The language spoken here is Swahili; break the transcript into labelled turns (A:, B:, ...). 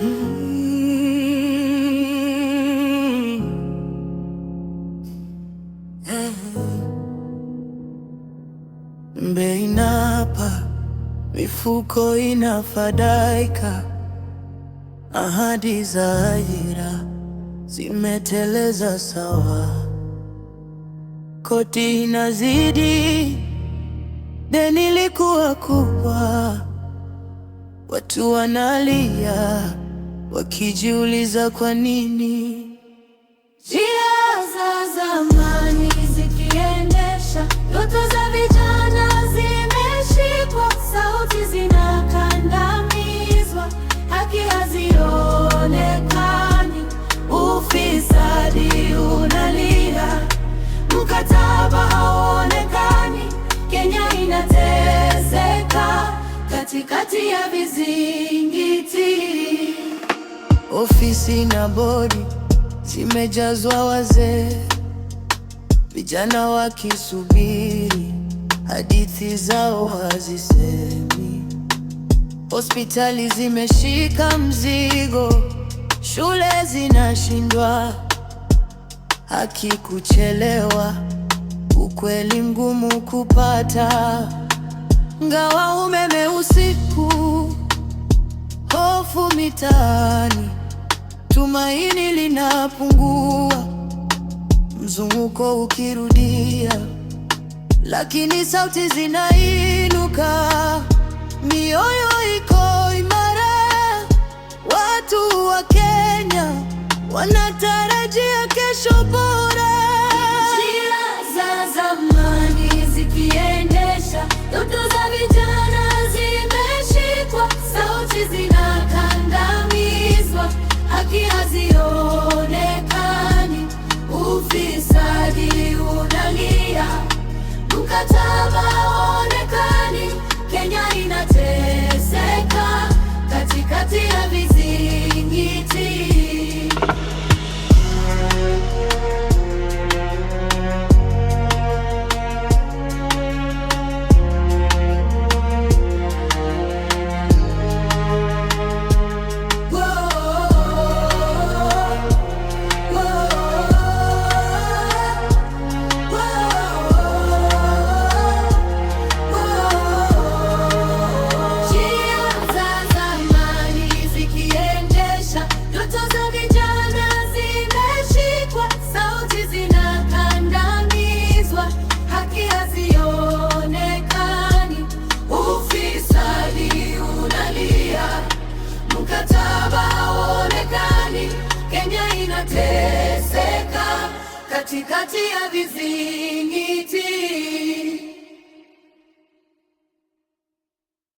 A: Mbe mm. mifuko inafadaika ahadi za ajira zimeteleza sawa, koti inazidi, deni likuwa kubwa, watu wanalia wakijiuliza kwa nini
B: njia za zamani zikiendesha ndoto za vijana zimeshikwa, sauti zinakandamizwa, haki hazionekani, ufisadi unalia, mkataba haonekani Kenya inateseka katikati ya vizingiti.
A: Ofisi na bodi zimejazwa wazee, vijana wakisubiri, hadithi zao hazisemi. Hospitali zimeshika mzigo, shule zinashindwa. Haki kuchelewa, ukweli mgumu kupata. Ngawa umeme usiku mitaani, tumaini linapungua, mzunguko ukirudia, lakini sauti zinainuka, mioyo iko imara, watu wa Kenya wanatarajia kesho bora.
B: za ndoto za vijana zimeshikwa, sauti zinaka haki hazionekani, ufisadi unalia, mkataba onekani amani, Kenya inateseka katikati ya vizingiti.